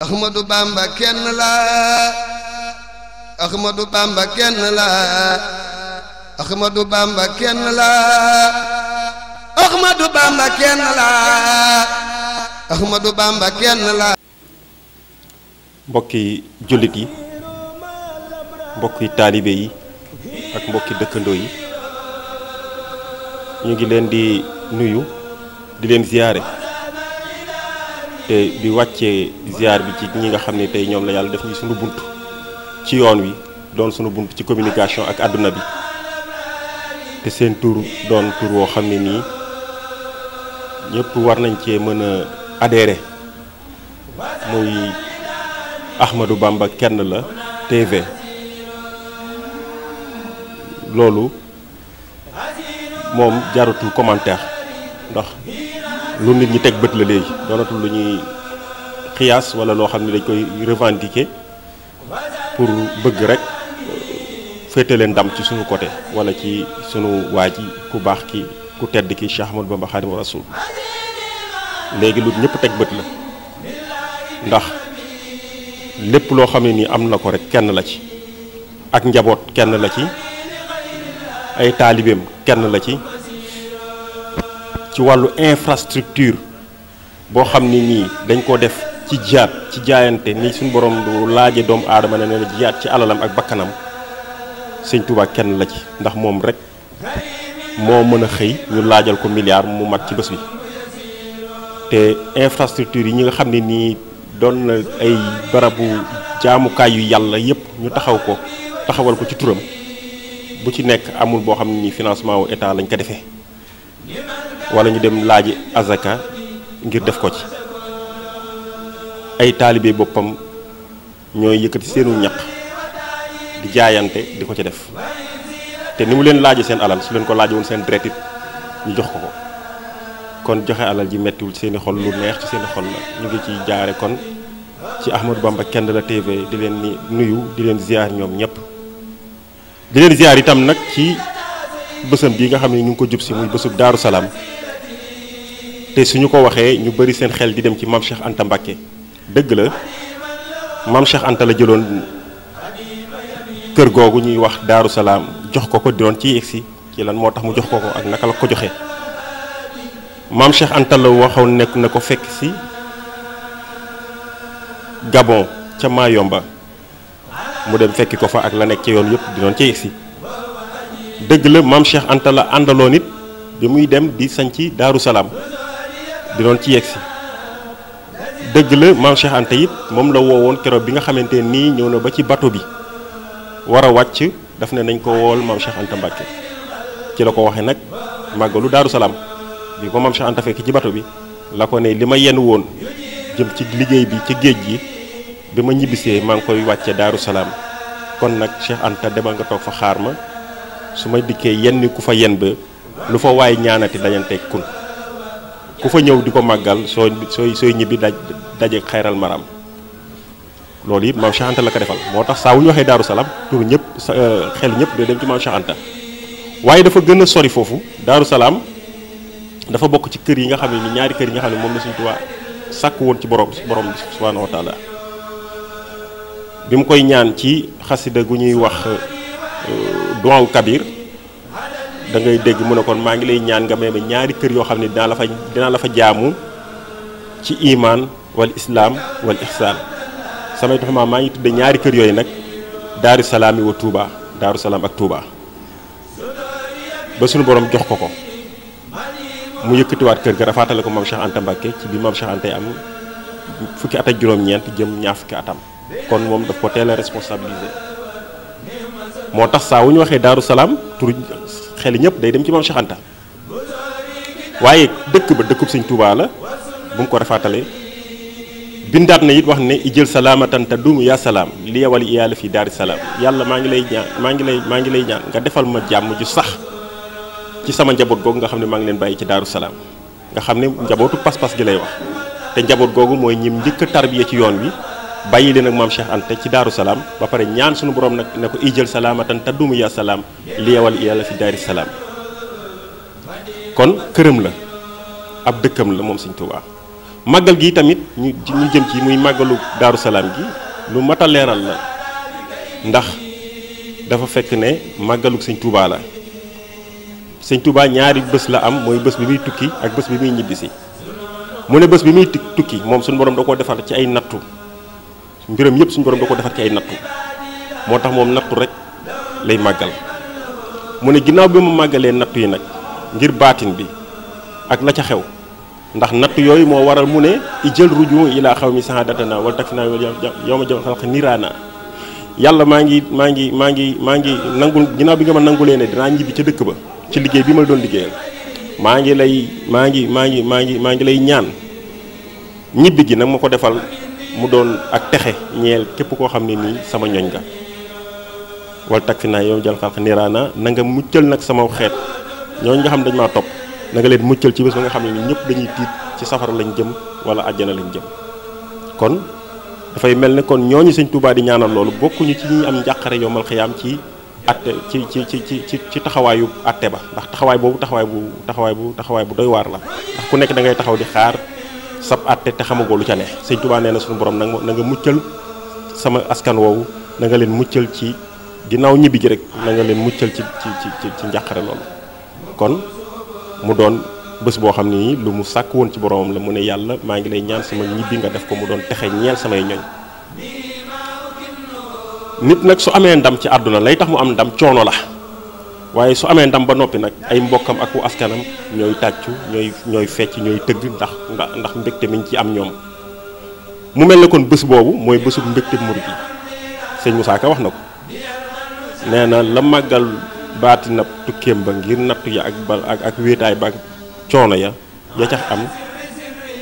Ahmadou Bamba kenn la Ahmadou Bamba kenn la Ahmadou Bamba kenn la Ahmadou Bamba kenn la kenn la mbokki jullit yi mbokki taalibe yi ak mbokki dëkkandoo yi ñu ngi leen di nuyu di leen ziyaare te di wàccee ziar bi ci ñi nga xam ne tey ñoom la yàlla def ñi suñu bunt ci yoon wi doon suñu bunt ci communication ak àdduna bi te seen tur doon tur woo xam ne nii ñëpp war nañ cee mën a adhéré muy Ahmadou Bamba kenn la TV loolu moom jaratul commentaire ndax lu nit ñi teg bët la léegi doonatul lu ñuy xiyaas wala loo xam ne dañ koy revendiquer pour bëgg rek euh, féete leen ndam ci suñu côté wala ci sunu waa ji ku baax ki ku tedd ki Cheikh Ahmadou Bamba Khadimu Rasul léegi lu ñépp teg bët la ndax lépp loo xam ne nii am na ko rek kenn la ci ak njaboot kenn la ci ay taalibeem kenn la ci ci wàllu infrastructure boo xam ni nii dañ ko def ci jihaad ci jaayante ni suñ borom du laaje doomu aadama ne ne jihaad ci alalam ak bakkanam sëñ Touba kenn la ci ndax moom rek moo mën a xëy ñu laajal ko milliard mu mat ci bés bi te infrastructure yi ñi nga xam ne nii doon na ay barabu jaamukaay yu yàlla yépp ñu taxaw ko taxawal ko ci turam bu ci nekk amul boo xam ne nii financement wu état lañ ko defee wala ñu dem laaji azaka ngir def ko ci ay taalibe boppam ñooy yëkkati seenu ñaq di jaayante di ko ci def te ni mu leen laaje seen alal su leen ko laaje seen deret ñu jox ko ko kon joxe alal ji mettiwul ci seeni xol lu neex ci seeni xol la ñu ngi ciy jaare kon ci Ahmadou Bamba Kenn la TV di leen ni nuyu di leen ziar ñoom ñëpp di leen ziar itam nag ci bësam bii nga xam ne ñu ngi ko jub si muy bësub Daaru Salaam té suñu ko waxé ñu bari seen xel di dem ci mam Cheikh Anta Mbacké dëgg la mam Cheikh Anta la jëloon kër gogu ñuy wax daru salam jox ko ko doon ci ci lan motax mu jox ko ko ak naka la ko joxé mam Cheikh Anta la waxaw nek nako fekk ci Gabon ca Mayomba mu dem fekk ko fa ak la nek ci yoon yëpp di doon ci dëgg la mam Cheikh Anta la andalo nit bi muy dem di ci daru salam dinoon ci yegg si dëgg la maam Cheikh Anta moom la woowoon keroog bi nga xamante nii ñëw na ba ci bato bi war a wàcc daf ne nañ ko wool maam Cheikh Anta Mbàkke ci la ko waxee nag màggalu Daaru Salaam bi ko maam Cheikh fekk ci bato bi la ko ne li ma yenn woon jëm ci liggéey bi ci géej gi bi ma ñibbisee maa ngi koy wàcce Daaru Salaam kon nag Cheikh Anta demal nga toog fa xaar ma su ma dikkee yenn ku fa yenn ba lu fa waay ñaanati dañanteeg kun ku fa ñew di magal soi soi sooy ñibi daj daje xéral maram loolu it maam Cheikh la ko defal moo tax saa wu ñu waxee Daaru Salaam tur ñëpp euh, xel ñëpp day dem ci maam Cheikh Anta waaye dafa gën a sori foofu Daaru Salaam dafa bokk ci kër yi nga xam ne ñaari kër yi nga xam ne la sàkk woon ci borom borom bi subhanahu wa taala bi mu koy ñaan ci xasida gu ñuy wax euh, kabir da ngay dégg mu ne kon maa ngi lay ñaan nga may ma ñaari kër yoo xam ne dinaa la fa dinaa la fa jaamu ci iman wal islam wal ihsan samay taxamaa maa ngi tudde ñaari kër yooyu nag daaru salaam yi wa Touba daaru salaam ak Touba ba suñu borom jox ko ko mu yëkkatiwaat kër ga rafaatale ko maam Cheikh Anta Mbacke ci bi maam Cheikh Anta am fukki at ak juróom-ñeent jëm ñaar fukki atam kon moom daf ko teel a responsabilisé moo tax saa wu ñu waxee daaru salaam tur xel ñëpp day dem ci maam Cheikh waaye dëkk ba dëkkub sëñ Touba la bu mu ko rafaatalee bindaat na yit wax ne ijël salaamatan te duumu yaa salaam li yewal iyaala fi daari salaam yàlla maa ngi lay ñaan maa ngi lay maa ngi lay ñaan nga defal ma jàmm ju sax ci sama njaboot googu nga xam ne maa ngi leen bàyyi ci daaru salaam nga xam ne njabootu pas-pas gi lay wax te njaboot googu mooy ñim njëkk a tarbiya ci yoon wi bàyyi leen ak maam Cheikh Anta ci daaru salaam ba pare ñaan suñu boroom nag ne ko ijël salaamatan taddumu ya salaam liyewal yàlla fi daari salaam kon këram la ab dëkkam la moom Sëñ Tuubaa màggal gi tamit ñu jëm ci muy màggalu daaru salaam gi lu mat a leeral la ndax dafa fekk ne màggalu Sëñ Tuubaa la Sëñ Tuubaa ñaari bés la am mooy bés bi muy tukki ak bés bi muy ñibbisi mu ne bés bi muy tukki moom suñu borom da koo defar ci ay nattu mbiram yëpp suñu borom da ko defar ci ay nattu moo tax moom nattu rek lay màggal mu ne ginnaaw bi ma màggalee nattu yi nag ngir baatin bi ak la ca xew ndax nattu yooyu moo waral mu ne i jël yi ilaa xew mi sahadatana a tafi naa yow ma jëm xalq niraana yàlla maa ngi maa ngi maa ngi maa ngi nangul ginnaaw bi nga ma nangulee ne dinaa ñibbi ca dëkk ba ci liggéey bi ma doon liggéeyal maa ngi lay maa ngi maa ngi maa ngi maa ngi lay ñaan ñibbi gi nag ma ko defal mu doon ak texe ñeel képp koo xam ne sama ñoñ nga wal tak fi naa yow jal xalq niraana na nga muccal nag sama xeet ñooñ nga xam dañ maa topp na nga leen muccal ci bés ba nga xam ne ni ñëpp dañuy tiit ci safara lañ jëm wala àjjana lañ jëm kon dafay mel ne kon ñooñu sëñ Touba di ñaanal loolu bokkuñu ci ñi am njàqare yomal xiyaam ci atte ci ci ci ci ci ci taxawaayu atte ba ndax taxawaay boobu taxawaay bu taxawaay bu taxawaay bu doy waar la ndax ku nekk da ngay taxaw di xaar sab àtte te xamagoo lu ca ne sëñ Tuubaa nee na suñu borom nag na nga muccal sama askan woowu nanga leen muccal ci ginnaaw ñibbi ji rek na leen muccal ci ci ci ci njàqare loolu kon mu doon bés boo xam ne nii lu mu sàkk woon ci boromam la mu ne yàlla maa ngi lay ñaan sama ñibbi nga def ko mu doon texe ñeel samay ñoñ nit nag su amee ndam ci àdduna lay tax mu am ndam coono la waaye su amee ndam ba noppi nag ay mbokkam ak wu askanam ñooy tàccu ñooy ñooy fecc ñooy tëgg ndax ndax mbégte miñ ci am ñoom mu mel ne kon bés boobu mooy bésub mbégte murid yi sëñ Moussa wax na ko nee na la màggal baati nab tukkeem ba ngir napp ya ak bal ak wéetaay ba coono ya ya cax am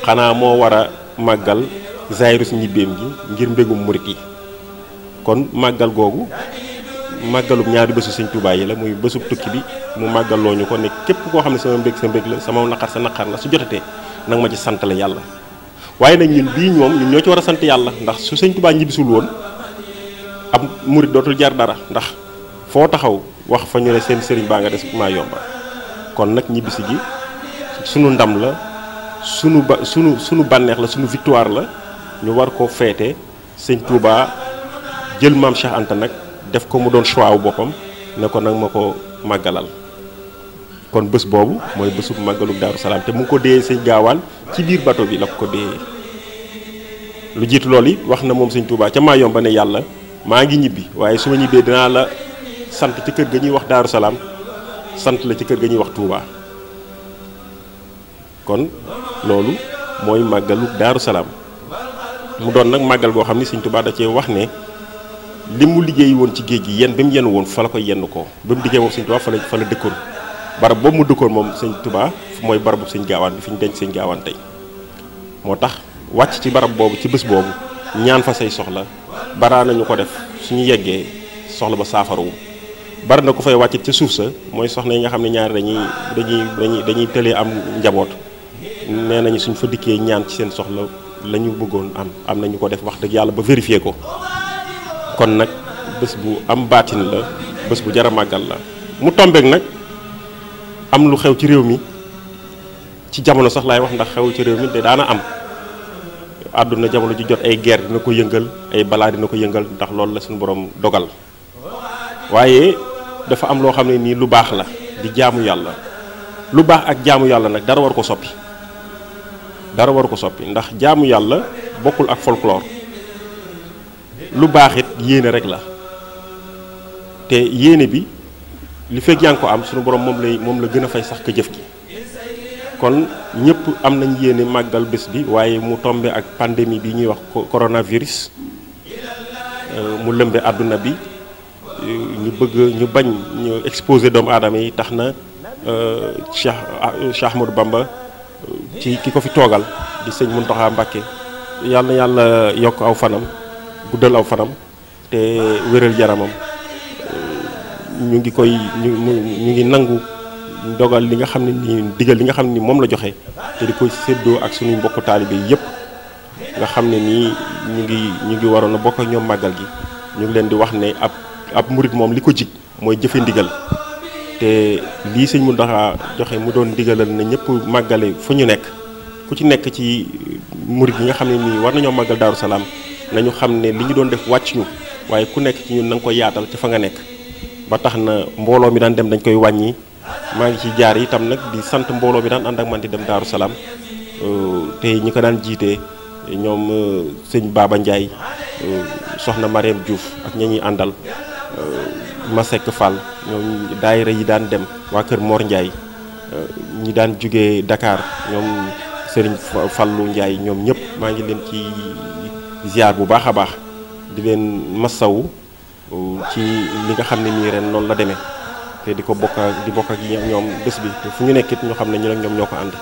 xanaa moo war a màggal zayrus ñibbeem gi ngir mbégum murid yi kon màggal googu magalum ñaari bëssu sëñ Touba yi la muy bëssu tukki bi mu magalonyo loñu ko ne képp ko xam sama mbég sama mbég la sama nakar sa nakar la su jotaté nag ma ci sant la yalla waaye nak ñun bi ñom ñun ñoo ci wara sant ndax su sëñ Touba ñibbisul woon am mourid dotul jar dara ndax fo taxaw wax fa ñu ne seen nga yomba kon nak gi sunu ndam la sunu suñu sunu banex la sunu victoire la ñu war ko fété sëñ Touba jël mam Cheikh nak def ko mu doon choix wu boppam ne ko nag ma ko kon bés boobu mooy bésu màggalu daaru salaam te mu ko déyee sëñ gaawaan ci biir bato bi la ko déyee lu jiitu loolu it wax na moom sëñ Touba ca maa yomba ne yàlla maa ngi ñibbi waaye su ma ñibbee la sant ci kër ga ñuy wax daaru salaam sant la ci kër ga ñuy wax Touba kon loolu mooy magaluk daaru salam, mu doon nag màggal goo xam ni sëñ Touba da cee wax ne limu won won ci geeg gi yenn bimu mu yenn woon fa la koy yenn ko bimu mu mom seigne Touba fa la fa la dëkkoon barab boobu mu dëkkoon mom seigne Touba moy barabu seigne gawan fiñ denc seigne gawan tay motax wacc ci barab bobu ci bes bobu ñaan fa say soxla baraa nañu def suñu yegge soxla ba safaru bar na ko fay wacc ci suuf sa soxna yi nga xamni ñaar dañuy dañuy dañuy dañuy am njabot nee nañu suñ fa dikkee ñaan ci seen soxla lañu bëggoon am am nañu ko def wax deug yalla ba vérifier ko kon nak bes bu am baatin la bes bu jara magal la mu tombe nak am lu xew ci rew mi ci jamono sax lay wax ndax xew ci rew mi de dana am aduna jamono ju jot ay guerre dina ko yeungal ay bala dina ko yeungal ndax loolu la sun borom dogal waye dafa am lo xam ni lu bax la di jaamu yalla lu bax ak jaamu yalla nak dara war ko soppi dara war ko soppi ndax jaamu yalla bokul ak folklore lu baax yene yéene rek la te yéene bi li fekk yaa ngi ko am suñu borom moom lay moom la gën a fay sax ka jëf kon ñëpp am nañ yéene màggal bés bi waaye mu Nous ak pandémie bi ñuy wax coronavirus euh, mu lëmbe àdduna bi euh, ñu bëgg ñu bañ ñu exposé doomu aadama yi tax na euh, Cheikh Cheikh Bamba ci ki fi toogal di sëñ avons fait yàlla yàlla yokk aw fanam guddal aw fanam te wéral yaramam ñu ngi koy ñu ngi nangu dogal li nga xam ne ni digal li nga xam ne ni moom la joxe te di koy séddoo ak suñu mbokku taalibe yépp nga xam ne nii ñu ngi ñu ngi waroon a bokk ñoom màggal gi ñu ngi leen di wax ne ab ab murit moom li ko jig mooy jëfe ndigal te lii sëñ mu daa joxe mu doon ndigalal na ñëpp màggale fu ñu nekk ku ci nekk ci murit yi nga xam ne nii war nañoo màggal Daaru Salaam nañu xam ne li ñu doon def wàcc ñu waaye ku nekk ci ñun na ko yaatal ci fa nga nekk ba tax na mbooloo mi daan dem dañ koy wàññi maa ngi ci jaar itam nag di sant mbooloo mi daan ànd ak man di dem Daaru Salaam euh, te ñi ko daan jiite ñoom euh, sëñ baaba njaay euh, soxna Mariam juuf ak ña àndal Masek Fall ñoom daayira yi daan dem waa kër Mor Ndiaye ñi daan jóge Dakar ñoom Serigne Fallou Ndiaye ñoom ñëpp maa ngi leen ci ziar bu baakha baax di len massaw euh, ci li nga xamni ni ren non la demee té diko bokk di bokk ak ñom bës bi té fu ñu nekk ñu xam ñu ak ñom ñoko and ànd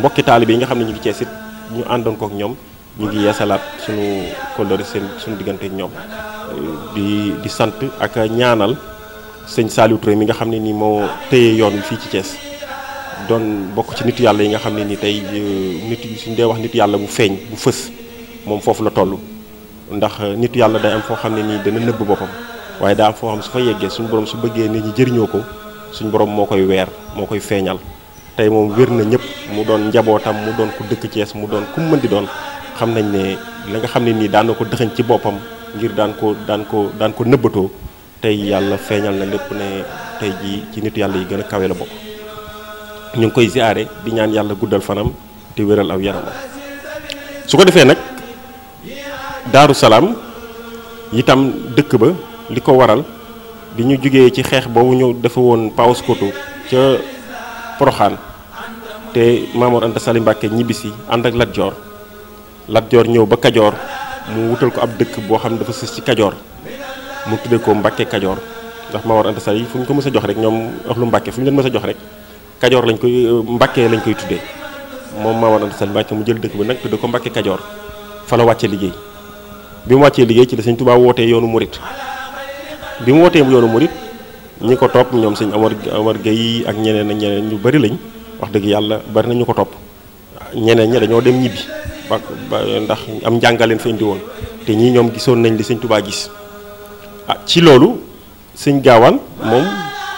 mbokki taalibe yi nga xam ñu ngi sit ñu ko ak ñom ñu ngi yassalat suñu kóllëre sen suñu digënté ñom di di sante, ak ñaanal señ salut Touré mi nga xam ni mo téyé yoon fi ci ciess don bokku ci nitu yalla yi nga xam ni tay tey euh, nit suñ wax nitu yalla bu feñ bu fës moom foofu la toll ndax nit yàlla day am foo xam ne nii dana nëbb boppam waaye daa am foo xam su fa yeggee suñu borom su bëggee nit ñi jëriñoo ko suñu boroom moo koy weer moo koy feeñal tey moom wér na ñëpp mu doon njabootam mu doon ko dëkk Cees mu doon ku mën di doon xam nañ ne la nga xam ne nii daan ko dëxañ ci boppam ngir daan ko daan ko daan ko nëbbatoo tey yàlla feeñal na lépp ne tey jii ci nit yàlla yi gën a kawe la bokk ñu ngi koy ziare di ñaan yàlla guddal fanam te wéral aw yaramam darussalam Salam, itam dëkk ba liko waral di ñu jugee ci xeex boobu ñu dafa won paus koto ci poroxaan te mamour Anta salim nyibisi, ñibisi and ak Lat Joor ñëw ba kadjor mu wutal ko ab dëkk bo xam dafa ci kadjor mu tuddee ko Mbàkke kadjor ndax mamour Anta salim fuñ ko mësa jox rek ñom wax lu fuñ leen mësa jox rek kadjor lañ koy lañ koy mom mamour Anta salim bakay mu jël dëkk bi nak tuddee ko Mbàkke kadjor fa la wacce bi mu wàccee liggéey ci la sëñ Touba wote yoonu murit bi mu wootee yoonu murit ñi ko top ñom seigne Omar Omar Gueye ak ñeneen ak ñeneen ñu bari lañ wax deug yalla bari na ko top ñeneen ñi dañoo dem ñibi ba ndax am jangaleen fa indi won te ñi ñom gisoon nañ li seigne Touba gis ah ci lolu seigne gaawaan mom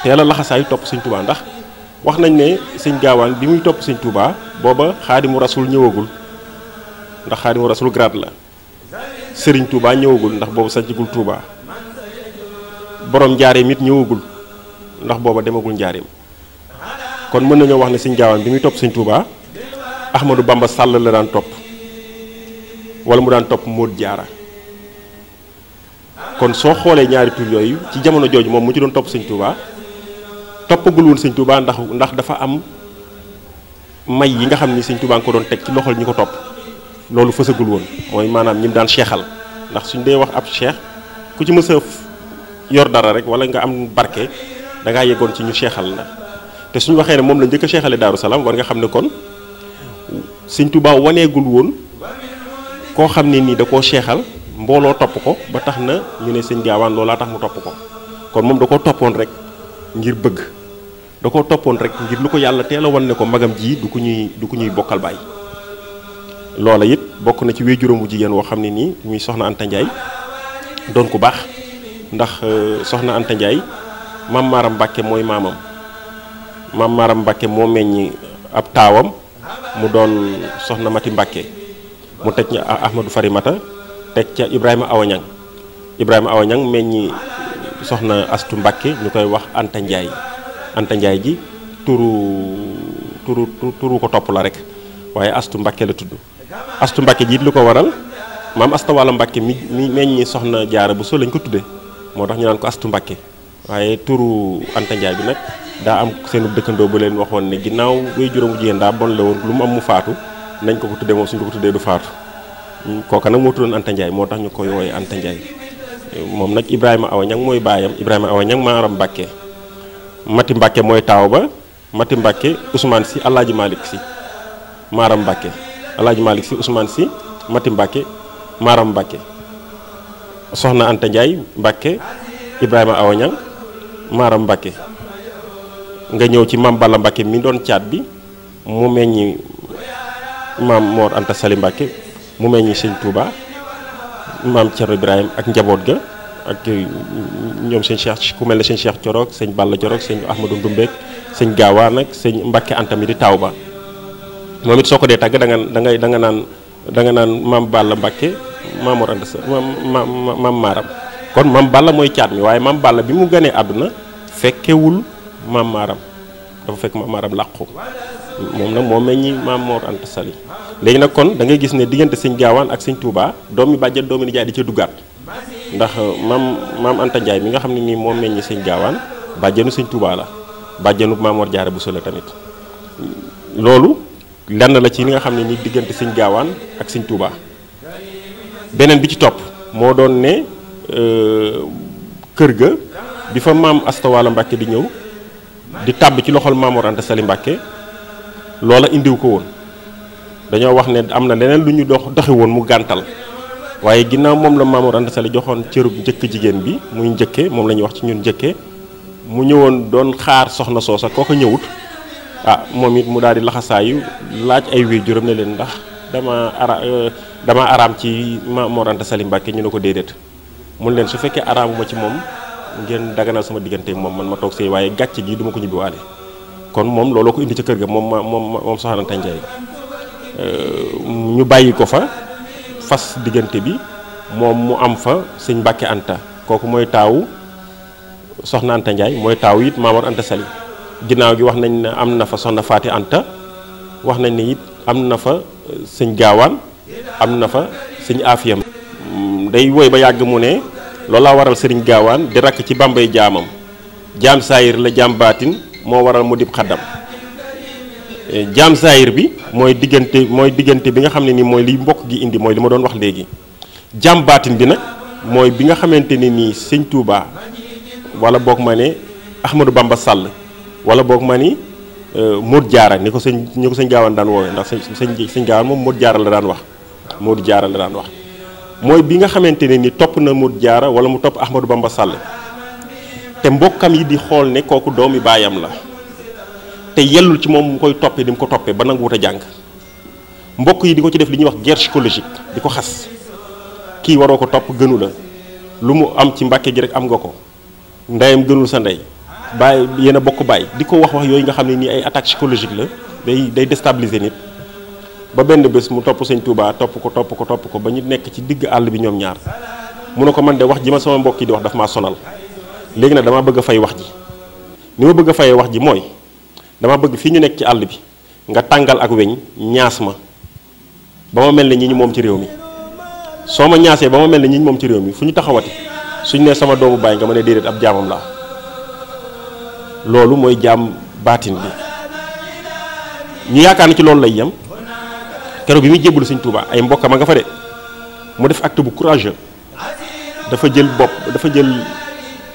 teela la xassay top seigne Touba ndax wax nañ ne seigne gaawaan bi muy top seigne Touba boba xaadimu rasul ñewagul ndax xaadimu rasul grade la Sering Touba ñewugul ndax boobu sancigul Touba borom jarimit mit ñewugul ndax bobu demagul njaareem kon mën nañu wax ne sëñ jaawaan bi muy top sëñ Touba Ahmadou Bamba Sall la daan top wala mu daan top Mod Jaara kon so xolé ñaari tour yoy ci jamono jooju mom mu ci doon top sëñ Touba gul won sëñ Touba ndax ndax dafa am may yi nga xamni sëñ Touba ko doon tek ci loxol ñiko top loolu fësagul won moy manam ñim daan seexal ndax suñ dee wax ab seex ku ci mës yor dara rek wala nga am barké da nga yeggoon ci ñu seexal la té suñ waxé né mom lañu jëk a daru salam war nga xamné kon Sintuba Tuubaa waneegul ko won ko xamné ni da ko seexal mbolo top ko ba tax na ñu né sëñ gaawaan lola tax mu top ko kon mom da ko topon rek ngir bëgg da ko topon rek ngir luko ko téla won né ko magam ji du ko ñuy du ko ñuy bokal baye loola it bokk na ci wéjuram bu jigéen woo xam ne nii muy soxna Anta Ndiaye doon ku baax ndax euh, soxna Anta Ndiaye maam Maram Mbacke mooy maamam maam Maram Mbacke moo meññ ab taawam mu doon soxna Mati Mbacke mu teg ña Ahmadou mata teg ca Ibrahima Awañang Ibrahima Awañang meññi soxna Astu Mbacke ñu koy wax Anta Ndiaye Anta Ndiaye ji turu turu turu ko topp la rek waaye Astu Mbacke la tudd. astu mbacke jiit lu ko waral mam asta wala mbacke mi mi meññi soxna jaara bu so lañ ko tuddé motax ñu ko astu mbacke waye turu Anta jaay bi nak da am seenu dekkando bu leen waxon ni ginaaw way juroom ji jigéen bon la won lu mu am mu faatu nañ ko ko tuddé moom suñu ko tuddé du faatu hmm, kooka nak mo tudon Anta jaay motax ñu koy wooye Anta jaay mom nak Ibrahima Awa ñang moy bayam Ibrahima Awa ñang maaram mbacke Mati mbacke moy tawba Mati mbacke Ousmane si Alaaji malik si maaram mbacke Alaaji malik si Ousmane si Mati mbake Maram mbake soxna Anta Ndiaye mbake Ibrahima awanyang Maram mbake nga ñew ci mam Balla mbake mi doon caat bi mu meñi mam Mor Anta salim mbake mu meñi seigne Touba mam Thierno Ibrahim ak njabot ga ak ñom seigne Cheikh ku mel seigne Cheikh thiorok seigne Balla thiorok seigne Ahmadou Ndoumbek seigne gawa nak seigne mbake Anta mi di tawba momit soko de tag da nga da ngay da nga nan da nga nan mam Balla Mbacke mam sa mam kon mam Balla moy caat mi waye mam Balla bi mu aduna fekke wul mam maram da fek mam maram làqu mom nak mo meñi mam Mor Anta Sali legi nak kon da ngay gis ne diggante seigne gawan ak seigne Touba domi badja domi ndjay di ci dugat ndax euh, mam mam Anta ndjay mi nga xamni ni mo meñi seigne gawan gaawaan bàjjenu Touba la bàjjenu mam Mor Jaara bu tamit lolou lenn la ci li nga xam ne ni diggante sëñ gaawaan ak sëñ Touba beneen bi ci topp moo doon ne euh, kër ga bi fa maam Astawaala Mbàkke di ñëw di tàbb ci loxol Maam Mor Anta Sali Mbàkke loola indiw ko woon dañoo wax ne am na leneen lu ñu dox doxi woon mu gàntal waaye ginnaaw moom la Maam Mor Anta joxoon cërub njëkk jigéen bi muy njëkke moom la ñuy wax ci ñun njëkke mu ñëwoon doon xaar soxna soosa koo ko ñëwut ah momit mu daldi di laxasaayu laaj ay wéy juróom ne len ndax dama ara eh, dama aram ci ma Mor salim bakke ñu ne dedet mu len su fekke aram araamuma ci mom ngeen daganal sama digante mom man ma tok sey waye gatch gi duma ko ñibi walé kon mom lolo ko indi ci kër ga mom mom moom soxna Anta euh ñu fa fas digante bi mom mu am fa seigne Anta koku moy taw soxna Anta Njaay mooy taaw it Maamor Anta salim ginnaaw gi wax nañ ne am na fa soxna Faati Anta wax nañ ne it am na fa euh, sëñ gaawaan am na fa sëñ afiyam mm, day woy ba yàgg mu ne loolu loolaa waral sëriñ gaawaan di rakk ci bambay jaamam jaam saayir la jaam baatin moo waral mu dib xaddam euh, jaam saayir bi mooy diggante mooy diggante bi nga xam ne ni mooy liy mbokk gi indi mooy li ma doon wax léegi jaam baatin bi nag mooy bi nga xamante ne nii sëñ Touba wala boog ma ne Ahmadou Bamba sàll wala bok ma ni euh, mod jaara ni ko sëñ ni ko sëñ Gaawaan daan woowee ndax señ señ sëñ mom mod jaara la daan wax mod jaara la daan wax moy bi nga xamanteni ni top na mod jaara wala mu top Ahmadou Bamba Sall te mbokam yi di xol ne koku doomi bayam la te yellul ci mom koy topé dim ko topé ba nang wuta jang mbok yi di ko ci def li ñuy wax guerre psychologique di ko xas ki waroo ko la lu am ci mbàkke gi rek am nga ko ndayam gënul sa ndey bàyyi yéen a bokk bàyyi di ko wax wax yooyu nga xam ne nii ay attaque psychologique la day day déstabiliser nit ba benn bés mu topp sëñ Touba topp ko topp ko topp ko ba ñu nekk ci digg àll bi ñoom ñaar mu ne ko man de wax ji ma sama mbokk yi di wax daf maa sonal léegi nag dama bëgg a fay wax ji ni ma bëgg fayee wax ji mooy dama bëgg fii ñu nekk ci àll bi nga tàngal ak weñ ñaas ma ba ma mel ne ñii ñu moom ci réew mi soo ma ñaasee ba ma mel ne ñi ñu moom ci réew mi fu ñu taxawati suñ ne sama doomu bàyyi nga ma ne déedéet ab jaamam laa loolu mooy jaam baatin bi ñu yaakaar na ci loolu lay yem keroog bi muy jébbalu sëñ Tuubaa ay mbokkam a nga fa de mu def acte bu courageux dafa jël bopp dafa jël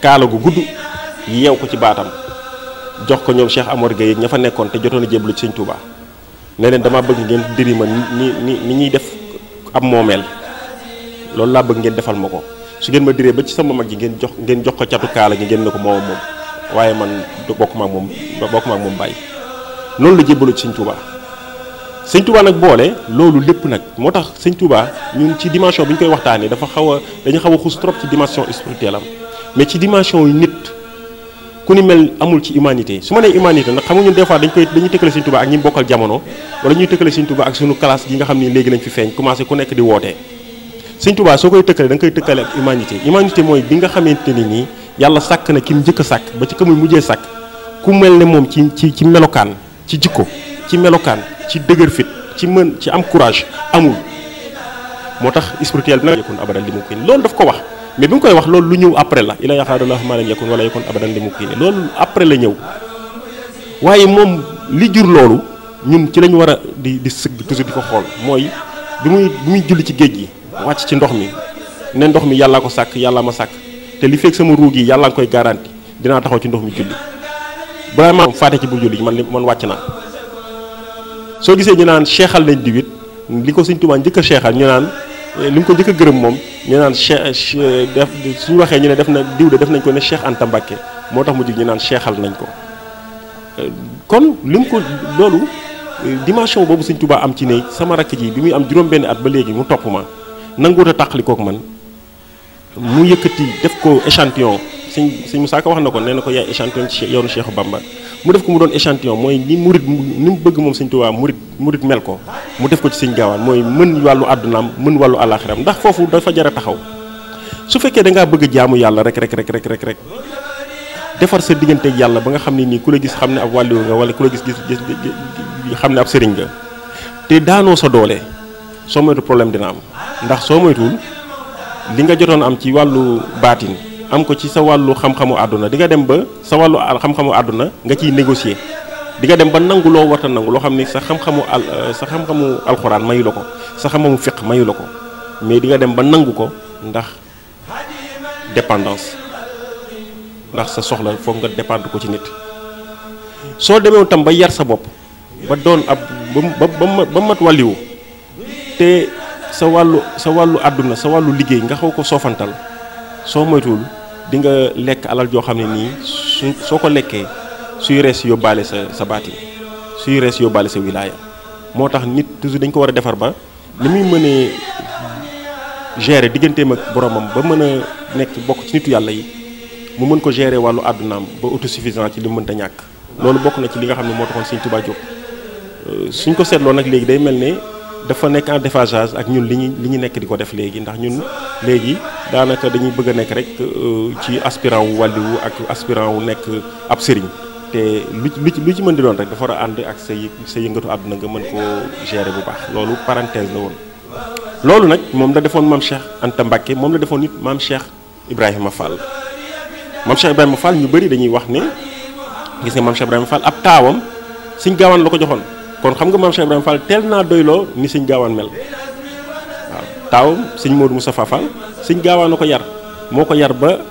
kaala gu gudd yeew ko ci baatam jox ko ñoom Cheikh amoor Gueye ña fa nekkoon te jotoon a jébbalu ci sëñ Tuubaa ne dama bëgg ngeen diri ma ni ni ni ñuy def ab moomeel loolu laa bëgg ngeen defal ma ko su ngeen ma diree ba ci sama mag ji ngeen jox ngeen jox ko catu kaala gi ngeen ne ko moom moom waaye man bokkuma ak moom bokkuma ak moom bàyyi loolu la jébbaloo ci sëñ Touba sëñ Touba nag boole loolu lépp nag moo tax sëñ Touba ñun ci dimension bi ñu koy waxtaanee dafa xaw a dañu xaw a xuus trop ci dimension spirituelle am mais ci dimension yu nit ku ni mel amul ci humanité su ma nee humanité nag xam nga ñun des fois dañ koy dañuy tëkkale sëñ Touba ak ñi bokkal jamono wala ñuy tëkkale sëñ Touba ak sunu classe gi nga xam ni léegi lañ fi feeñ commencé ku nekk di wootee sëñ Touba soo koy tëkkale da koy tëkkale ak humanité mooy bi nga xamante ni nii yàlla sàkk na ki mu njëkk sàkk ba ci ka muy mujjee sàkk ku mel ne moom ci ci ci melokaan ci jikko ci melokaan ci dëgër fit ci mën ci am courage amul moo tax spirituel bi nag yakun abadan li mumkin loolu daf ko wax mais bi mu koy wax loolu lu ñëw après la ila yaxaadullah ma lam yakun wala yakun abadan li mumkin loolu après la ñëw waaye moom li jur loolu ñun ci lañu war a di di sëgg toujours di ko xool mooy bi muy bi muy julli ci géej gi wàcc ci ndox mi ne ndox mi yàllaa ko sàkk yàllaa ma sàkk te li fekk sama ruug yi yàlla nga koy garanti dinaa taxaw ci ndox mi julli vraiment faate ci bu julli man li man wàcc naa soo gisee ñu naan seexal nañ diwit li ko Sëñ Tuubaa njëkk a seexal naan eh, li mu ko njëkk a gërëm moom ñu naan def suñu waxee ñu ne def na diw def nañ ko ne Cheikh Anta moo tax mu jig ñu naan seexal nañ ko eh, kon li mu ko loolu eh, dimension boobu Sëñ Tuubaa am ci ne sama rakk ji bi muy am juróom-benn at ba léegi mu topp ma nanguut a tàqali kook man mu yëkkati def ko échantillon sëñ sëñ Moussa wax na ko nee na ko yaay échantillon ci yoonu Cheikh Bamba mu def ko mu doon échantillon mooy ni murit ni mu bëgg moom sëñ Tuubaa murit murit mel ko mu def ko ci sëñ gaawaan mooy mën wàllu àddunaam mën wàllu àllaaxiram ndax foofu dafa jara taxaw su fekkee da ngaa bëgg jaamu yàlla rek rek rek rek rek rek defar sa digganteeg yàlla ba nga xam ne nii ku la gis xam ne ab wàlliwu nga wala ku la gis gis gis xam ne ab sëriñ nga te daanoo sa doole soo moytu problème dina am li nga jotoon am ci wàllu baatin am ko ci sa wàllu xam-xamu àdduna di nga dem ba sa wàllu xam-xamu àdduna nga ciy négocier di nga dem ba nangu loo warta nangu loo xam ni sa xam-xamu al euh, sa xam-xamu alxuraan mayu la ko sa xam-xamu fiq mayu la ko mais di nga dem ba nangu ko ndax dépendance ndax sa soxla foog nga dépendre ko ci nit soo demeew tam ba yar sa bopp ba doon ab ba ba mat wàlliwu te sa wàllu sa wàllu àdduna sa wàllu liggéey nga xaw ko soofantal soo moytuwul di nga lekk alal joo xam ne nii su soo ko lekkee suy rees yóbbaale sa sa baati suy rees yóbbaale sa wilaaya moo tax nit toujours dañ ko war a defar ba ni muy mënee gérer digganteem ak boromam ba mën a nekk bokk ci nitu yàlla yi mu mën ko gérer wàllu àddunaam ba autosuffisant ci li mu mënta ñàkk. loolu bokk na ci li nga xam ne moo taxoon Sëñ Tuubaa jóg euh, suñ ko seetloo nag léegi day mel ne. dafa nekk en ak ñun li ñu li ñu nekk di ko def léegi ndax ñun léegi daanaka dañuy bëgg a nekk rek euh, ci aspirant wu wàlliwu ak aspirant wu nekk ab sëriñ te lu lu lu ci mën di doon rek dafa war a ànd ak say say yëngatu àdduna nga mën koo gérer bu baax loolu parenthèse la woon. loolu nag moom la defoon maam Cheikh Anta Mbacke moom la defoon nit maam Cheikh Ibrahima Fall maam Cheikh Ibrahima Fall ñu bëri dañuy wax ne gis nga maam Cheikh Ibrahima Fall ab taawam suñ gaawaan la ko joxoon. kon xam nga maam Cheikh Ibrahima Fall teel naa doyloo ni sëñ gaawaan mel waaw taawam sëñ Modou Moustapha Fall sëñ gaawaan a ko yar moo ko yar ba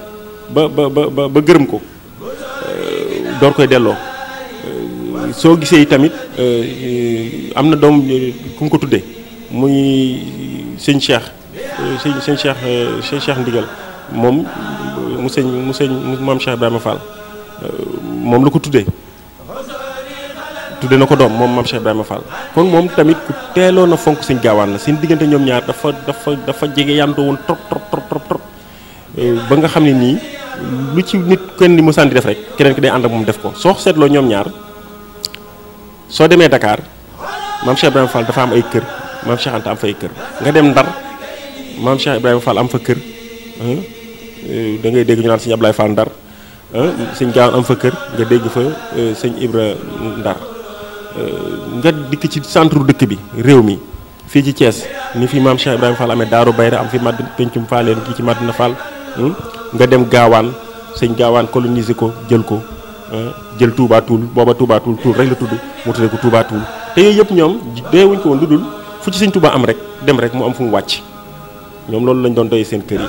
ba ba ba ba gërëm ko euh, door koy delloo euh, soo gisee tamit euh, am na doom ku mu ko tuddee muy sëñ Cheikh sëñ sëñ Cheikh sëñ Cheikh Ndigal moom mu sëñ mu sëñ maam Cheikh Ibrahima Fall moom lu ko tuddee. tudde na ko doom moom maam Cheikh Ibrahima Fall kon moom tamit ku teeloon a fonk sëñ gaawaan la seen diggante ñoom ñaar dafa dafa dafa jege yàndoo woon trop trop trop eh, ba nga xam ne nii lu ci nit kenn di mu sànni def rek keneen day ànd ak def ko soo seetloo ñoom ñaar demee Dakar maam Cheikh Ibrahima dafa am ay kër maam Cheikh am fa kër nga dem Ndar maam Cheikh am fa kër eh, eh, da ngay dégg ñu naan sëñ Ablaye Fall sëñ gaawaan am fa kër nga dégg fa sëñ Ibra Ndar Euh, nga dikk ci centre dikk bi réew mi fii ci Thiès ni fi maam Cheikh Ibrahima Fall amee Daaru Bayra am fi Mad Pencum Falleen kii ci Madina Fall hmm? nga dem gaawaan sëñ gaawaan coloniser ko jël ko jël Touba Toul booba Touba Toul Toul rek la tudd mu tuddee ko yëpp ñoom deewuñ ko lu dul fu ci sëñ Touba am rek dem rek mu am fu mu wàcc ñoom loolu lañ doon doy seen kër yi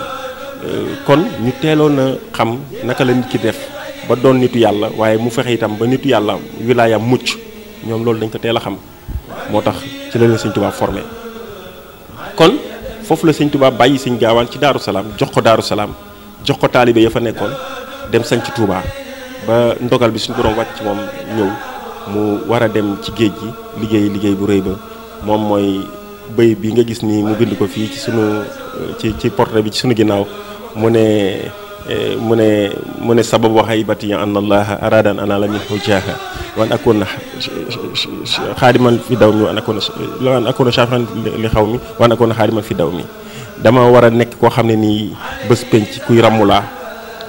euh, kon ñu teeloon a xam naka la nit ki def ba doon nitu yàlla waaye mu fexe itam ba nitu yàlla wilaayam mucc ñoom loolu dañ ko teel a xam moo tax ci la leen sëñ Tuubaa formé kon foofu la sëñ Tuubaa bàyyi sëñ gaawaan ci Daaru Salaam jox ko Daaru Salaam jox ko taalibe ya fa nekkoon dem sañ ci Tuubaa ba ndogal bi suñu borom wàcc ci moom ñëw mu war a dem ci géej gi liggéey liggéey bu rëy ba moom mooy bëy bi nga gis ni mu bind ko fii ci sunu ci ci portrait bi ci sunu ginnaaw mu ne mu ne mu ne sababu haybati an allaha araada an anaala min hujjaaha wa an akuna xaadiman fi daw mi wa an akuna wa an akuna shafian li xaw mi wa an fi daw mi dama war a nekk koo xam ne nii bés penc kuy ràmmu laa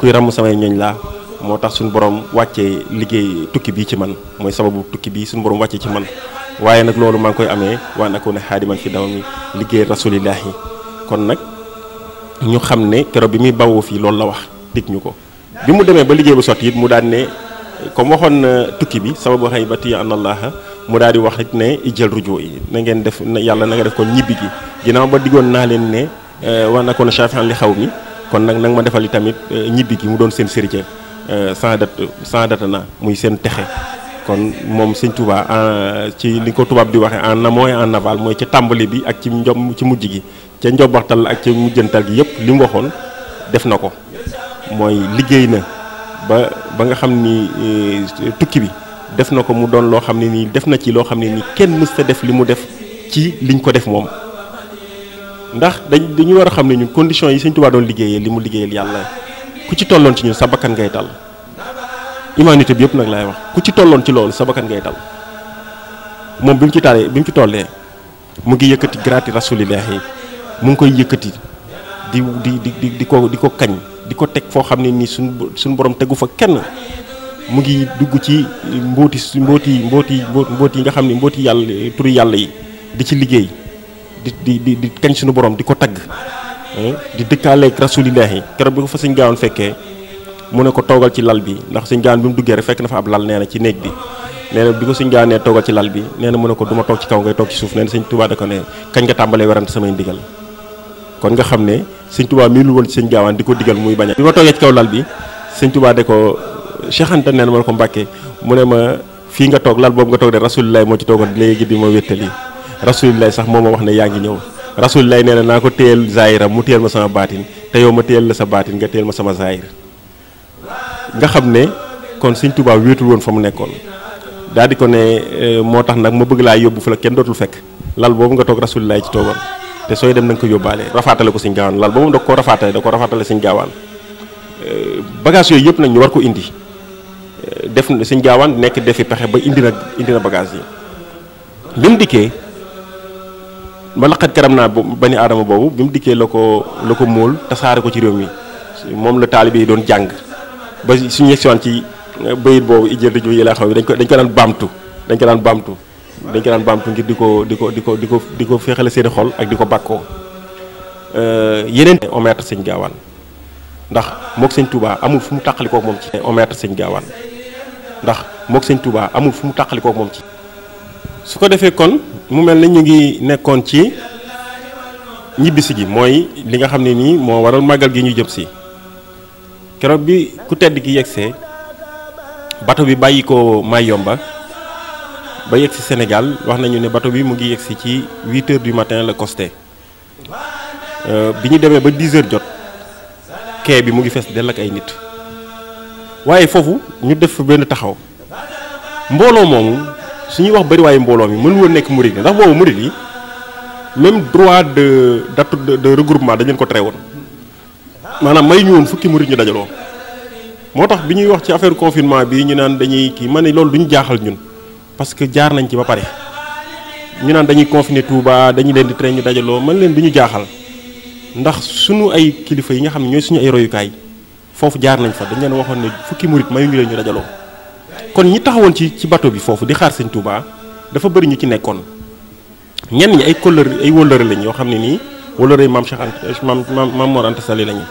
kuy ràmmu samay ñooñ laa moo tax suñu borom wàccee liggéey tukki bii ci man mooy sababu tukki bii suñu borom wàccee ci man waaye nag loolu maa ngi koy amee wa an akuna xaadiman fi daw mi liggéey rasulillahi kon nag ñu xam ne tero bi muy bawoo fii loolu la wax dig ñu ko bi mu demee ba liggéey bu sotti it mu daan ne comme waxoon na tukki bi sababu xëy ba tiya an allaha mu daal di wax it ne ijël rujo yi na ngeen def yàlla na nga def ko ñibbi gi ginnaaw ba diggoon naa leen ne war na ko na li xaw mi kon nag nag ma defal tamit eh, ñibbi gi mu doon seen sëriñ eh, sandat sandata na muy seen texe kon moom sëñ Touba ci li ko tubaab di waxee en amont et en mooy ci tàmbali bi ak ci ci mujj gi ca njobbaxtal ak ca mujjantal gi yëpp li mu waxoon def na ko mooy liggéey na ba ba nga xam ni eh, tukki bi def na ko mu doon loo xam ne nii def na ci loo xam ne nii kenn mës ta def li mu def ci liñ ko def moom ndax dañ dañu war a xam ne ñun conditions yi Sëñ Tuubaa doon liggéeyee li mu liggéeyal yàlla ku ci tolloon ci ñun sa bakkan ngay dal humanité bi yëpp nag laay wax ku ci tolloon ci loolu sa bakkan ngay tal moom bi mu ci taalee bi mu ci tollee mu ngi yëkkati gratis yi mu ngi koy yëkkati di di di di ko di ko kañ di ko teg foo xam ne nii suñu suñu borom tegu fa kenn mu ngi dugg ci mbooti mbooti mbooti mbooti yi nga xam ne mbooti yàlla turi yàlla yi di ci liggéey di di di di kañ suñu borom di ko tagg di dëkkaaleeg rasulillahi keroog bi ko fa sëñ gaawoon fekkee mu ne ko toogal ci lal bi ndax sëñ gaawoon bi mu duggee rek fekk na fa ab lal nee ci néeg bi nee na bi ko sëñ gaawoon nee toogal ci lal bi nee na mu ne ko du ma ci kaw ngay toog ci suuf nee na sëñ Tuubaa da ko ne samay ndigal kon nga xam ne sëñ tubaa mii lu woon ci sëñ gaawaan di ko digal muy bañ a bi ma toogee ci kaw lal bi sëñ tubaa de ko Cheikh Anta neen ko mbàkkee mu ne ma fii nga lal boobu nga toog de rasulilaay moo ci toogoon léegi di ma wéttali rasulilaay sax moo ma wax ne yaa ngi ñëw rasulilaay nee na ko téyel zaayira mu ma sama baatin te yow ma téyel la sa baatin nga téyel ma sama zaayir xam ne kon sëñ tubaa wéetul woon fa mu nekkoon daal di ko ne eh, moo tax nag ma bëgg laa yóbbu fu la kenn dootul fekk lal boobu nga toog rasulilaay ci toogoon te sooy dem na ko yóbbaale rafaatale ko Sëñ Gaawaan lal ba moom da ko rafaatale da ko rafaatale Sëñ Gaawaan euh, bagage yooyu yëpp nag ñu war ko indi euh, def na Sëñ Gaawaan nekk defi pexe ba indi nag indi na bagage yi bi mu dikkee ma laqat karam naa bani aadama boobu bi mu dikkee la ko la ko móol tasaare ko ci réew mi moom la taalibe yi doon jàng ba suñu yegsiwaan ci euh, bayit boobu ijjël di ju yi laa xaw dañ ko dañ ko daan baamtu dañ ko daan baamtu dañ ko daan bamtu ngir di ko di ko di ko di ko di ko féexale seeni i xol ak di ko bàkkoo euh, yeneen omettre sëñ gaawaan ndax mook sëñ Touba amul fu mu tàqalikoo moom ci omettre sëñ gaawaan ndax moog sëñ Touba amul fu mu tàqalikoo moom ci su ko defee kon mu mel ne ñu ngi nekkoon ci ñibbisi gi mooy li nga xam ne nii moo waral màggal gi ñu jëm si keroog bi ku tedd gi yegsee bato bi bàyyi ko yomba ba yegg Sénégal wax nañu ne bateau bi mu ngi yegg ci 8 heures du matin le costé euh, bi ñu demee ba 10 heures jot quai bi mu ngi fees dell ak ay nit waaye foofu ñu def benn taxaw mbooloo moomu su ñuy wax bariwaayu mbooloo mi mënu woon nekk murid yi ndax boobu murid yi même droit de de de regroupement dañ leen ko tere woon maanaam may ñu woon fukki murid ñu dajaloo moo tax bi ñuy wax ci affaire confinement bi ñu naan dañuy kii ma ne loolu duñu jaaxal ñun. parce que jaar nañ ci ba paré ñu naan dañuy confiner Touba dañuy leen di train ñu dajalo man leen duñu jaaxal ndax suñu ay kilifa yi nga xamni ñoy suñu ay royu kay fofu jaar nañ fa dañ leen waxon ne fukki mourid mayu ñu leen ñu dajalo kon ñi taxawon ci ci bateau bi fofu di xaar seigne Touba dafa bari ñu ci nekkon ñen ñi ay kolër ay wolleur lañ yo xamni ni wolleur wëllëre maam Cheikh Anta mam maam Mor Anta Sali lañu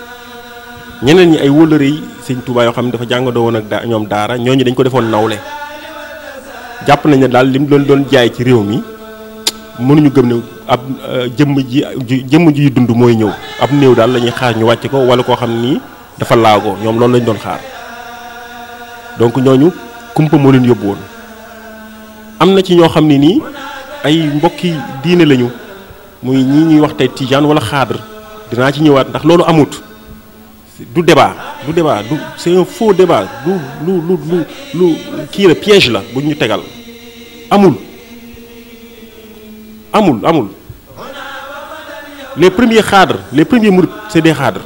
ñeneen ñi ay wolleur yi seigne Touba yo xamni dafa jangado won ak ñom daara ñooñu dañ ko defoon nawle jàpp nañ ne daal lim doon doon jaay ci réew mi mënuñu gëm ne ab euh, jëmm ji jëmm ji dund mooy ñëw ab néew daal la ñuy xaar ñu wàcc ko wala koo xam ni dafa laagoo ñoom loolu lañ doon xaar donc ñooñu kumpa moo leen yóbbu woon am na ci ñoo xam ne nii ay mbokki diine lañu muy ñii ñuy wax tey tijaan wala xaadar dinaa ci ñëwaat ndax loolu amut. du débat du débat c'est un faux débat du lu lu lu lu le piège là, bu ñu tegal amul amul amul les premiers cadres les premiers murs, c'est des cadres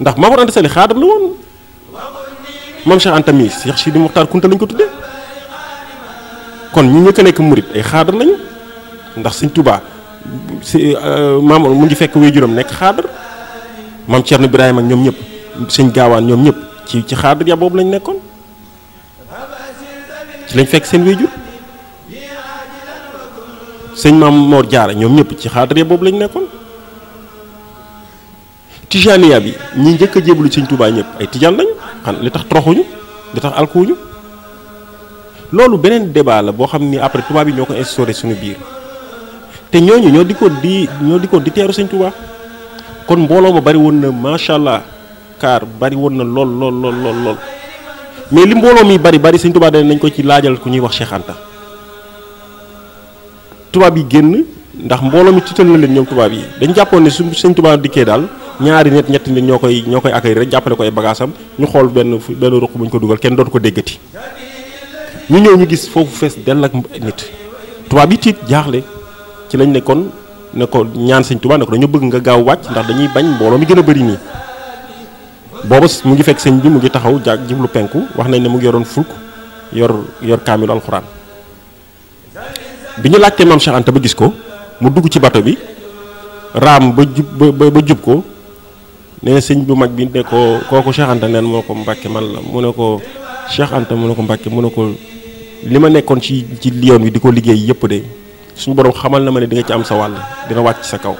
ndax Mamour Anta Sali cadre la woon Mame Cheikh antamis Cheikh Sidi Mokhtar Kounta lañ ko tuddee kon ñu ñëk nek cadres ay cadre lañ ndax Maman, Tuubaa si Mamour mu ngi fekk waajuram nekk cadre maam Thierno Ibrahima ak ñoom ñëpp sëñ gaawaan ñoom ñëpp ci ci xaadiriya boobu lañ nekkoon ci lañ fekk seen wéjur sëñ maam Mor Jaara ñoom ñëpp ci xaadiriya boobu lañ nekkoon tijaaniya bi ñi njëkk a jébbalu sëñ Tuubaa ñëpp ay tijaan lañ xam li tax toroxuñu li tax alkuwuñu loolu beneen débat la boo xam ni après tubaab yi ñoo ko instauré suñu biir te ñooñu ñoo dikkoon di ñoo dikkoon di teeru sëñ Tuubaa kon mbolo ma bari won, na macha allah car bari won na lol lol lol. lol lol mais li mbolo mi bari bari touba dañ nañ ko ci laajal ku ñuy wax Cheikh Anta touba bi genn ndax mbolo mi tiital na len ñom touba bi dañ jappone ne su sëñ tubaab dikkee ñaari net ñetti nit ñokoy ñokoy accueillir rek ko ay bagasam ñu xol ben ben ruq buñ ko dugal kenn dootu ko déggati ñu ñew ñu gis fofu fess lak ak nit touba bi tit jaxlé ci lañ nekkon ne ko ñaan sëñ Touba ne ko dañu bëgg nga gaaw wàcc ndax dañuy bañ mbolo mi gëna a bëri nii mu ngi fekk bi mu ngi taxaw jaag jiblu penku wax nañ ne mu ngi yoroon fulk yor yor kamil alquran bi ñu laajtee maam Cheikh Anta ba gis ko mu dugg ci bato bi ram ba jub ba jub ko ne bu mag bi ne ko koku Cheikh Anta neen moko ko man la mu ne ko Cheikh Anta mu ne ko mbàkke mu ne ko lima ma ci ci lion bi di liggéey yépp de suñu borom xamal na ma ne di nga ci am sa wàll dina wàcc sa kaw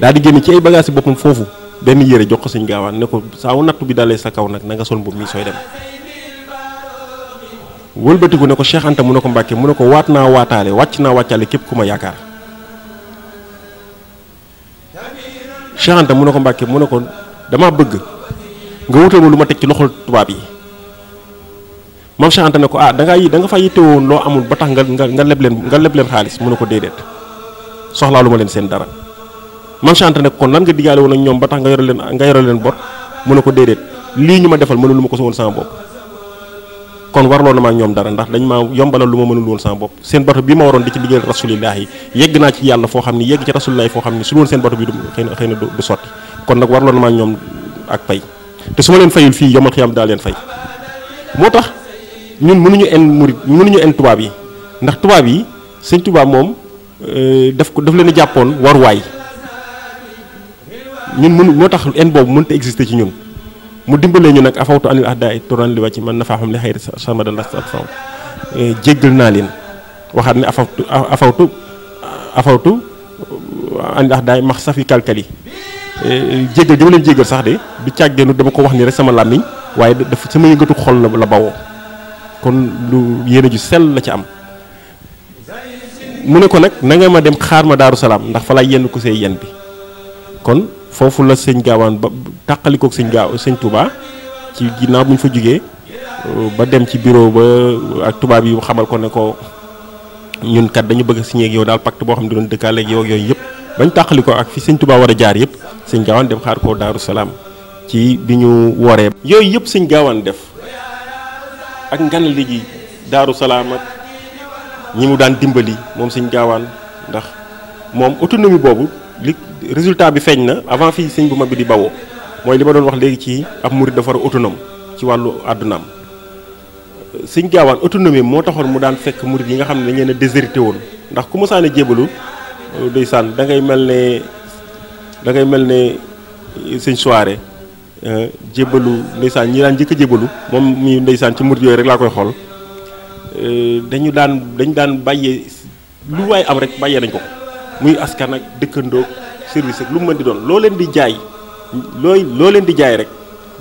daal di génn ci ay bagages boppam foofu benn yére jox ko suñ gaawaan ne ko saawu nattu bi dalee sa kaw nag na sol mbubb mi sooy dem wëlbatiku ne ko Cheikh mu ne ko Mbàkke mu ne ko waat naa waataale wàcc naa wàccaale képp ku ma yaakaar Cheikh mu ne ko Mbàkke mu ne ko damaa bëgg nga wutal ma lu ma teg ci loxol tubaab yi mom cheikh ne ko ah da nga yi da nga fa won lo amul ba tax nga nga leb len nga leb len xaliss mu ne ko soxla luma len sen dara mam cheikh anta ne kon lan nga digaale won ak ñom ba tax nga yoro len nga yoro len bor mu ne ko déedéet lii ñu ma defal luma ko sa sama bopp kon warloo na ma ñom dara ndax dañ ma yombalal luma mënul won sama bop sen bato bi ma waron di ci digel rasulillahi yegg na ci yalla fo xamni yegg ci rasulillahi fo xamni su won sen bato bi du xeyna xeyna du soti kon nag warloo na ma ñom ak fay te su ma fayul fi yomal xiyam daa len fay motax ñun mënuñu en murid mënuñu en tubaab yi ndax tubaab yi sëñ tubaab moom euh, daf ko daf leen a jàppoon waruwaay ñun mënu moo tax en boobu mënta exister ci ñun mu dimbalee ñu nag afawtu anil ahdaay turan li wàcci man nafaahum li xayri samadan la saw euh, jéggal naa leen waxaat ne afawtu afawtu afawtu anil ahdaay max safi kalkali euh, jéggal gi ma leen jéggal sax de du càggeenu dama ko wax ni rek sama làmmiñ waaye dafa sama yëngatu xol la la bawoo kon lu yéene ju sel la ci am mu ne ko nag na nga ma dem xaar ma daaru salaam ndax fa yenn ku sey yen bi kon foofu la sëñ gaawaan ba tàqalikoog sëñ gaaw sëñ tubaa ci ginnaaw bu ñu fa jugee euh, ba dem ci bureau ba euh, ak tubaab yi xamal ko ne ko ñun kat dañu bëgg signé ak yow daal pacte boo xam doon dëkkaale ak yow ak yooyu yëpp bañ tàqaliko ak fi sëñ war jaar yëpp sëñ gaawaan dem xaar ko daaru salaam ci bi ñu woree yooyu yëpp sëñ def ak ngan ligi daaru salaamat ñi mu daan dimbali moom sëñ gaawaan ndax moom autonomie boobu li résultat bi feeñ na avant fii sëñ bu mag bi di bawoo mooy li ma doon wax léegi ci ab murid dafa autonome ci wàllu àddunaam sëñ gaawaan autonomie moo taxoon mu daan fekk murid yi nga xam ne dañ leen a déshérité woon ndax ku mosaan a jébalu ndeysaan da ngay mel ne dangay mel ne sëñ soirée Euh, jébbalu ndeysaan ñi daan njëkk a jébbalu moom mi ndeysaan ci murid yooyu rek laa koy xool euh, dañu daan dañu daan bàyyee lu waaye am rek bàyyee nañ ko muy askan ak dëkkandoo service ak lu mu mën di doon loo leen di jaay looy loo leen di jaay rek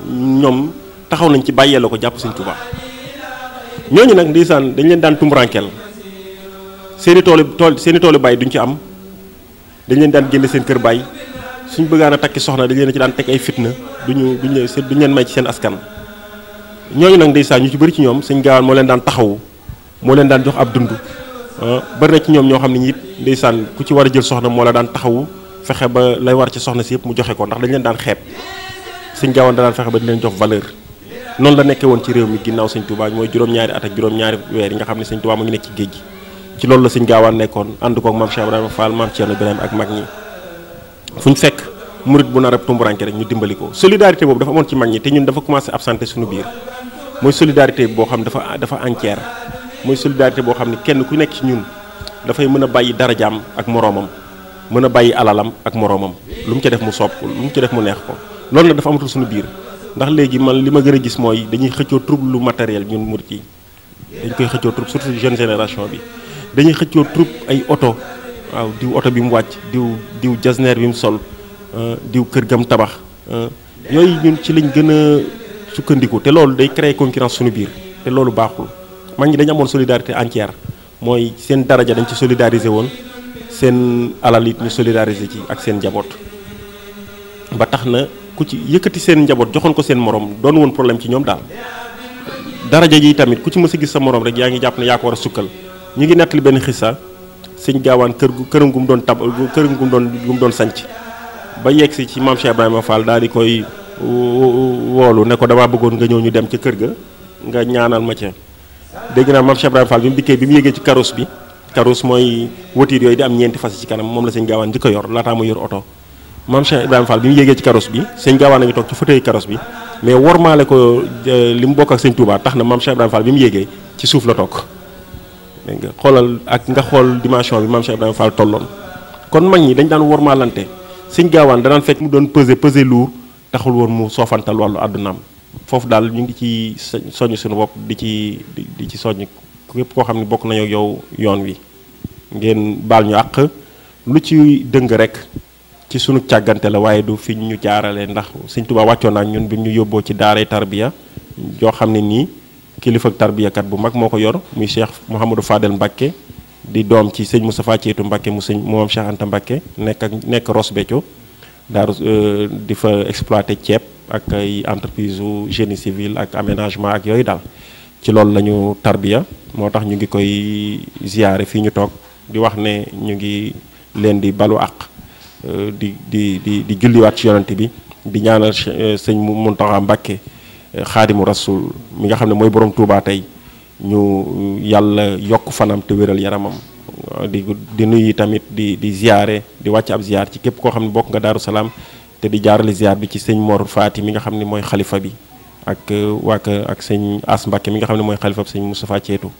ñoom taxaw nañ ci bàyyee la ko jàpp Sëñ Tuubaa ñooñu nag ndeysaan dañu leen daan tumurankeel seeni toolu tool seeni toolu bàyyi duñu ci am dañ leen daan génne seen kër bàyyi suñ bëggaan a takki soxna dañ leen ci daan teg ay fitna duñu duñu duñ leen may ci seen askan ñooñu nag ndeysaan ñu ci bëri ci ñoom sëñ gaawaan moo leen daan taxawu moo leen daan jox ab dund ah, bëri na ci ñoom ñoo xam ne it ndeysaan ku ci war a jël soxna moo la daan taxawu fexe ba lay war ci soxna si yëpp mu joxe ko ndax dañ leen daan xeet sëñ gaawaan da daan fexe ba di leen jox valeur noonu la nekkee woon ci réew mi ginnaaw sëñ Touba mooy juróom-ñaari at juróom-ñaari weer yi nga xam ne sëñ Touba mu ngi nekk ci géej gi ci loolu la sëñ gaawaan nekkoon ànd kook maam Cheikh Ibrahima Fall maam Thierno ak mag ñi fu ñu fekk murit bu nar a tumburanke rek ñu dimbali ko solidarité boobu dafa amoon ci mag ñi te ñun dafa commencé absenté suñu biir mooy solidarité boo xam dafa dafa entière mooy solidarité boo xam ne kenn ku nekk ci ñun dafay mën a bàyyi darajaam ak moroomam mën a bàyyi alalam ak moroomam lu mu ca def mu soob ko lu mu def mu neex ko loolu nag dafa amatul suñu biir ndax léegi man li ma gën a gis mooy dañuy xëccoo trouble lu matériel ñun murit yi dañ koy xëccoo trouble surtout jeune génération bi dañuy xëccoo trouble ay oto waaw diw oto bi mu wàcc diw diw jasneer bi mu sol euh, diw kër gam tabax euh, yooyu ñun ci lañ gën a sukkandiku te loolu day créer concurrence suñu biir te loolu baaxul mag ñi dañu amoon solidarité entière mooy seen daraja dañ ci solidarisé woon seen alal it ñu solidariser ci ak seen njaboot ba tax na ku ci yëkkati seen njaboot joxoon ko seen morom doon woon problème ci ñoom daal daraja ji tamit ku ci mës gis sa morom rek yaa ngi jàpp ne yaa ko war a sukkal ñu ngi nettali benn xisa sëñ gaawaan kër gu këram gu mu doon tab kër gu mu doon gu mu doon sanc ba yegg si ci maam Cheikh Ibrahima Fall daal di koy woolu ne ko damaa bëggoon nga ñëw ñu dem ca kër ga nga ñaanal ma ca dégg naa maam Cheikh bi mu dikkee ci carrosse bi carrosse mooy voiture yooyu am ñeenti fas ci kanam moom la sëñ gaawaan njëkk a yor laataa mu yor oto maam Cheikh bi mu yéegee ci carrosse bi sëñ gaawaan a ngi toog ci fauteuil carrosse bi mais wormaale ko eh, li mu bokk ak sëñ Touba tax na maam Cheikh Ibrahima Fall bi mu yéegee ci suuf la toog nga xoolal ak nga xool dimension bi maam Cheikh fa Fall tolloon kon mag ñi dañ daan wormaalante sëñ gaawaan danaan fekk mu doon pesé pesé lourd taxul woon mu soofantal wàllu àddunaam foofu daal ñu ngi ci soññ suñu bopp di ci di ci soññ képp koo xam ne bokk nañu yow yoon wi ngeen baal ñu àq lu ci dëng rek ci sunu càggante la waaye du fi ñu jaarale ndax sëñ Tuubaa wàccoon naa ñun bi ñu yóbboo ci daaray tarbiya yoo xam ne nii kilifa tarbiyakat bu mag moko yor muy cheikh mohamadou fadel mbacke di dom ci seigne moustapha cietu mbacke mu seigne mom cheikh anta mbacke nek ak nek rosbecho daru euh, di fa exploiter ciep ak ay entreprise génie civil ak aménagement ak yoy dal ci lool lañu tarbiya motax ñu ngi koy ziaré fi ñu tok di wax ne ñu ngi di balu ak euh, di di di di julli wat ci yonent bi di ñaanal euh, seigne muntaha mbacke xaadimu rasul mi nga xam ne mooy borom Touba tey ñu yàlla yokk fanam te wéral yaramam di di nuyu tamit di di ziare di wàcc ab ziar ci képp koo xam ne bokk nga Daaru Salaam te di jaarale ziar bi ci sëñ Mor Faati mi nga xam ne mooy xalifa bi ak uh, waa ak sëñ As Mbàkke mi nga xam ne mooy xalifa bi sëñ Moustapha Ceetu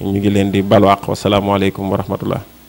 ñu ngi leen di balu àq wasalaamualeykum wa